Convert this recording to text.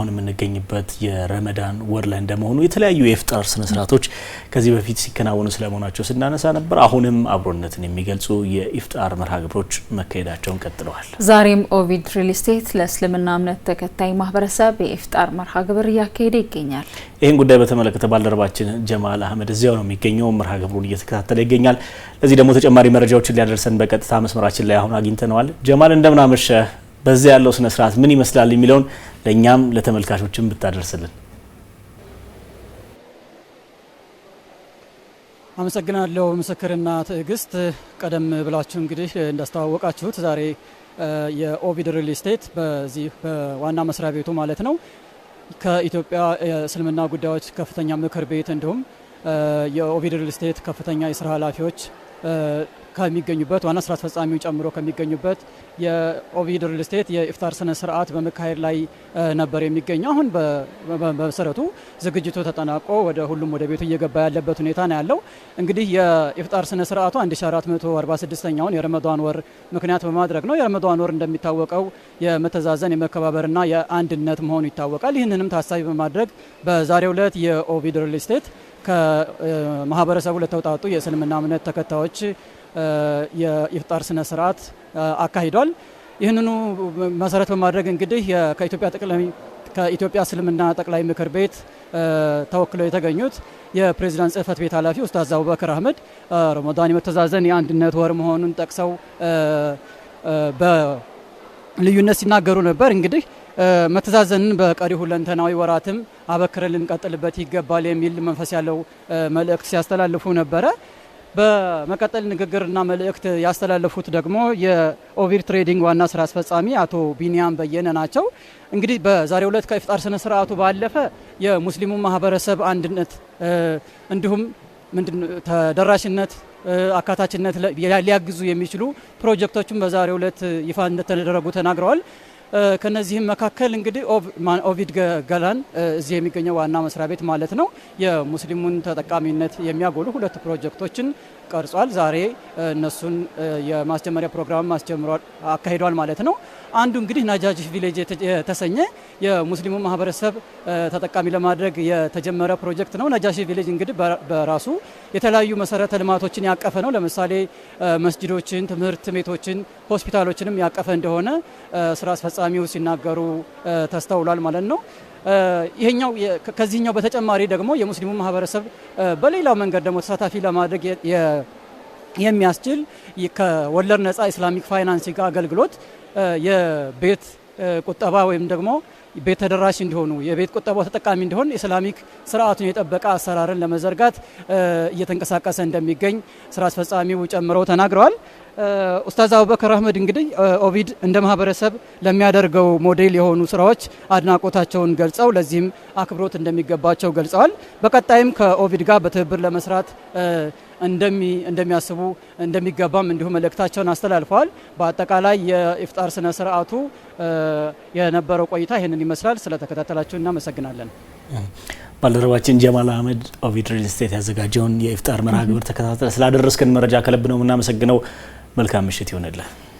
አሁን የምንገኝበት የረመዳን ወር ላይ እንደመሆኑ የተለያዩ የኢፍጣር ስነስርዓቶች ከዚህ በፊት ሲከናወኑ ስለመሆናቸው ስናነሳ ነበር። አሁንም አብሮነትን የሚገልጹ የኢፍጣር መርሃ ግብሮች መካሄዳቸውን ቀጥለዋል። ዛሬም ኦቪድ ሪል ስቴት ለእስልምና እምነት ተከታይ ማህበረሰብ የኢፍጣር መርሃ ግብር እያካሄደ ይገኛል። ይህን ጉዳይ በተመለከተ ባልደረባችን ጀማል አህመድ እዚያው ነው የሚገኘው፣ መርሃ ግብሩን እየተከታተለ ይገኛል። ለዚህ ደግሞ ተጨማሪ መረጃዎችን ሊያደርሰን በቀጥታ መስመራችን ላይ አሁን አግኝተነዋል። ጀማል እንደምናመሸ በዚያ ያለው ስነ ስርዓት ምን ይመስላል የሚለውን ለእኛም ለተመልካቾችም ብታደርስልን። አመሰግናለሁ ምስክርና ትዕግስት። ቀደም ብላችሁ እንግዲህ እንዳስተዋወቃችሁት ዛሬ የኦቪድ ሪል ስቴት በዚህ በዋና መስሪያ ቤቱ ማለት ነው ከኢትዮጵያ የእስልምና ጉዳዮች ከፍተኛ ምክር ቤት እንዲሁም የኦቪድ ሪል ስቴት ከፍተኛ የስራ ኃላፊዎች ከሚገኙበት ዋና ስራ አስፈጻሚውን ጨምሮ ከሚገኙበት የኦቪድ ሪል ስቴት የኢፍጣር ስነ ስርዓት በመካሄድ ላይ ነበር የሚገኘው። አሁን በመሰረቱ ዝግጅቱ ተጠናቆ ወደ ሁሉም ወደ ቤቱ እየገባ ያለበት ሁኔታ ነው ያለው። እንግዲህ የኢፍጣር ስነ ስርዓቱ 1446ኛውን የረመዷን ወር ምክንያት በማድረግ ነው። የረመዷን ወር እንደሚታወቀው የመተዛዘን የመከባበርና የአንድነት መሆኑ ይታወቃል። ይህንንም ታሳቢ በማድረግ በዛሬው ዕለት የኦቪድ ሪል ስቴት ከማህበረሰቡ ለተውጣጡ የእስልምና እምነት ተከታዮች የኢፍጣር ስነ ስርዓት አካሂዷል። ይህንኑ መሰረት በማድረግ እንግዲህ ከኢትዮጵያ ጠቅላይ ከኢትዮጵያ እስልምና ጠቅላይ ምክር ቤት ተወክለው የተገኙት የፕሬዚዳንት ጽህፈት ቤት ኃላፊ ኡስታዝ አቡበክር አህመድ ረመዳን የመተዛዘን የአንድነት ወር መሆኑን ጠቅሰው በልዩነት ሲናገሩ ነበር። እንግዲህ መተዛዘንን በቀሪ ሁለንተናዊ ወራትም አበክረን ልንቀጥልበት ይገባል የሚል መንፈስ ያለው መልእክት ሲያስተላልፉ ነበረ። በመቀጠል ንግግርና መልእክት ያስተላለፉት ደግሞ የኦቪር ትሬዲንግ ዋና ስራ አስፈጻሚ አቶ ቢኒያም በየነ ናቸው። እንግዲህ በዛሬው ዕለት ከኢፍጣር ስነ ስርዓቱ ባለፈ የሙስሊሙ ማህበረሰብ አንድነት እንዲሁም ተደራሽነት አካታችነት ሊያግዙ የሚችሉ ፕሮጀክቶችን በዛሬው ዕለት ይፋ እንደተደረጉ ተናግረዋል። ከነዚህም መካከል እንግዲህ ኦቪድ ገላን እዚህ የሚገኘው ዋና መስሪያ ቤት ማለት ነው የሙስሊሙን ተጠቃሚነት የሚያጎሉ ሁለት ፕሮጀክቶችን ቀርጿል። ዛሬ እነሱን የማስጀመሪያ ፕሮግራም ማስጀምሯል አካሂዷል ማለት ነው። አንዱ እንግዲህ ናጃጅ ቪሌጅ የተሰኘ የሙስሊሙ ማህበረሰብ ተጠቃሚ ለማድረግ የተጀመረ ፕሮጀክት ነው። ናጃሽ ቪሌጅ እንግዲህ በራሱ የተለያዩ መሰረተ ልማቶችን ያቀፈ ነው። ለምሳሌ መስጅዶችን፣ ትምህርት ቤቶችን፣ ሆስፒታሎችንም ያቀፈ እንደሆነ ስራ ፈጻሚው ሲናገሩ ተስተውሏል ማለት ነው። ይሄኛው ከዚህኛው በተጨማሪ ደግሞ የሙስሊሙ ማህበረሰብ በሌላው መንገድ ደግሞ ተሳታፊ ለማድረግ የሚያስችል ከወለድ ነጻ ኢስላሚክ ፋይናንሲንግ አገልግሎት የቤት ቁጠባ ወይም ደግሞ ቤት ተደራሽ እንዲሆኑ የቤት ቁጠባው ተጠቃሚ እንዲሆን ኢስላሚክ ስርዓቱን የጠበቀ አሰራርን ለመዘርጋት እየተንቀሳቀሰ እንደሚገኝ ስራ አስፈጻሚው ጨምረው ተናግረዋል። ኡስታዝ አቡበከር አህመድ እንግዲህ ኦቪድ እንደ ማህበረሰብ ለሚያደርገው ሞዴል የሆኑ ስራዎች አድናቆታቸውን ገልጸው ለዚህም አክብሮት እንደሚገባቸው ገልጸዋል። በቀጣይም ከኦቪድ ጋር በትብብር ለመስራት እንደሚያስቡ እንደሚገባም እንዲሁም መልእክታቸውን አስተላልፈዋል። በአጠቃላይ የኢፍጣር ስነ ስርዓቱ የነበረው ቆይታ ይህንን ይመስላል። ስለተከታተላችሁ እናመሰግናለን። ባልደረባችን ጀማል አህመድ ኦቪድ ሪል ስቴት ያዘጋጀውን የኢፍጣር መርሃ ግብር ተከታተል ስላደረስክን መረጃ ከልብ ነው የምናመሰግነው። መልካም ምሽት ይሆንልን።